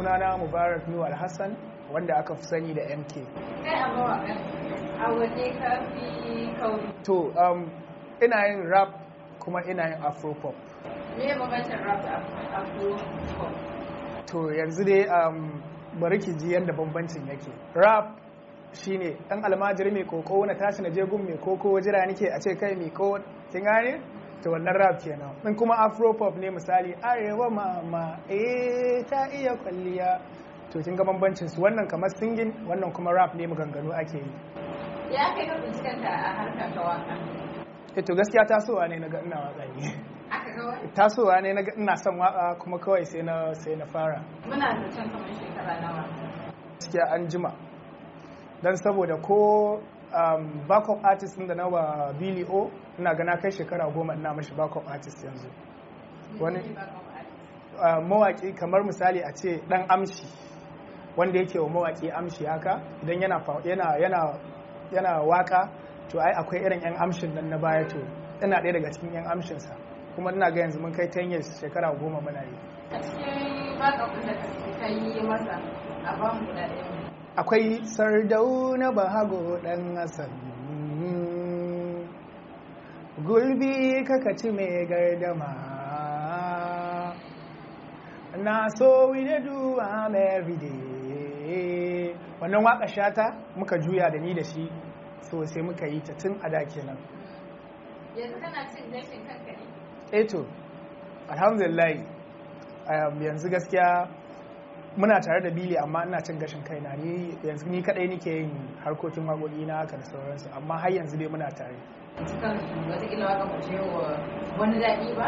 sunana mubarak nuhu alhassan wanda aka fi sani da mk to um, ina yin rap kuma ina yin afropop to yanzu dai um, bari ki ji yadda bambancin yake rap shi ne ɗan almajiri mai koko na tashi na jegun mai koko jira nake a ce kai mai koko kin gane to wannan rap kenan in kuma afro pop ne misali arewa mama eh ta iya kwalliya to kin ga bambancin su wannan kamar singin wannan kuma rap ne maganganu ake yi ya kai ka kanta a harkar ta waka eh to gaskiya tasowa ne na ga ina waka ne tasowa ne na ga ina son waka kuma kawai sai na sai na fara muna can kamar shekara nawa gaskiya an jima dan saboda ko um, backup artist din da na wa Billy O ina gana kai shekara goma ina mashi backup artist yanzu wani uh, mawaki kamar misali a ce dan amshi wanda yake wa mawaki amshi haka idan yana yana yana yana waka to ai akwai irin yan amshin nan na baya to ina ɗaya daga cikin yan amshin sa kuma ina ga yanzu mun kai 10 years shekara goma muna yi a cikin backup da kai masa a bamu da guda akwai sardau na bahago ɗan asan gulbi kakaci mai gardama na so we dey do am wannan waka shata muka juya da ni da shi so muka yi ta tun a da kenan yanzu kana cin gashin kanka ne eh alhamdulillah yanzu gaskiya muna tare da bili amma ina cin gashin kaina ni yanzu ni kadai nike yin harkokin waƙoƙi na haka da sauransu amma har yanzu dai muna tare waka wa wani daɗi ba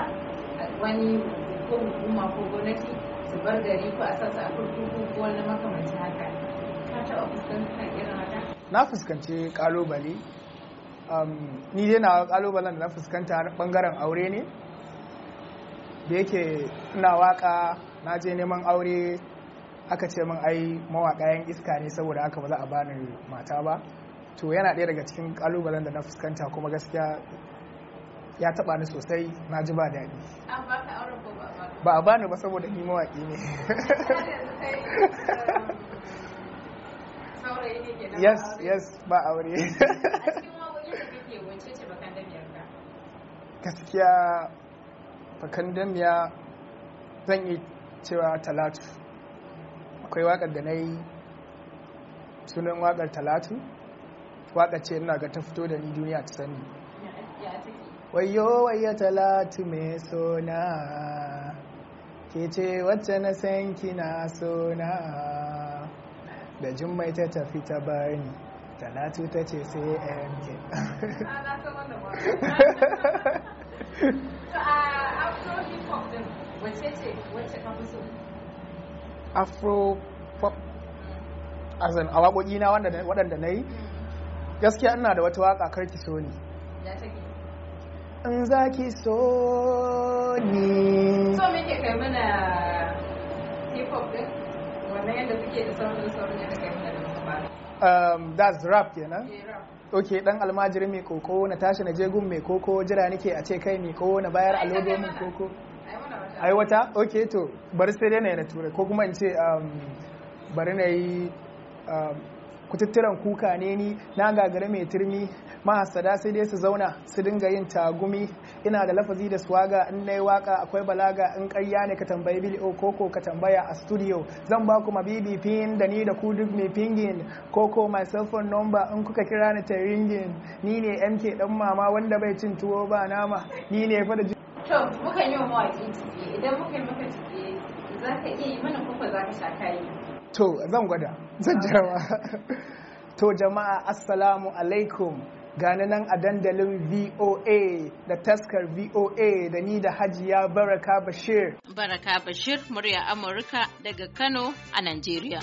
wani ko hukuma ko gwamnati su bar gari ko a sassa a kurkuku ko wani haka ka taɓa fuskantar irin haka na fuskanci ƙalubale ni dai na ƙalubalen da na fuskanta bangaren aure ne da yake ina waka na je neman aure aka ce min ai mawaka 'yan iska ne saboda aka ba za a bani mata ba to yana ɗaya daga cikin kalubalen da na fuskanta kuma gaskiya ya taba ni sosai na ji ba daɗi ba a bani ba saboda ni mawaƙi ne uh, yes yes ba wuri gaskiya fakandamiya zan yi cewa talatu akwai wakar da na yi sunan wakar talatu wakar ce ina ga ta fito da ni duniya ta sani wayo wayo talatu mai sona ke ce wacce na san kina sona da jummai ta tafi ta bani talatu ta ce sai mk uh, wacce ce wacce ka fi so afro pop as an awaƙoƙi na waɗanda na yi gaskiya ina da wata waƙa karki so ne in za ki so ne so muke kai mana hip hop din wannan yadda suke da sauran sauran yadda kai mana da um that's rap kenan eh, ok dan almajirin mai koko na tashi na jegun mai koko jira nake a ce kai mai koko na bayar alobe mai koko aiwata ok to bari sai dai na yi na turai ko kuma in ce um, bari na yi um, kututturan kuka ne ni na gagara mai turmi mahasada sai dai su zauna su dinga yin tagumi ina da lafazi da swaga in na yi waka akwai balaga in karya ne ka tambayi biliyo koko ka tambaya a studio zan ba kuma bibi da ni da ku duk mai pingin koko my cell phone number in kuka kira ni ta ringin ni ne mk dan mama wanda bai cin tuwo ba nama ni ne fa da to mukan yi wa mawaƙi ciki idan muka yi maka ciki za ka iya yi mana kuka za ka sha kayi to zan gwada zan ah. jarawa to jama'a assalamu alaikum gani nan a dandalin VOA da taskar VOA da ni da hajiya Baraka Bashir. Baraka Bashir murya Amurka daga Kano a Najeriya.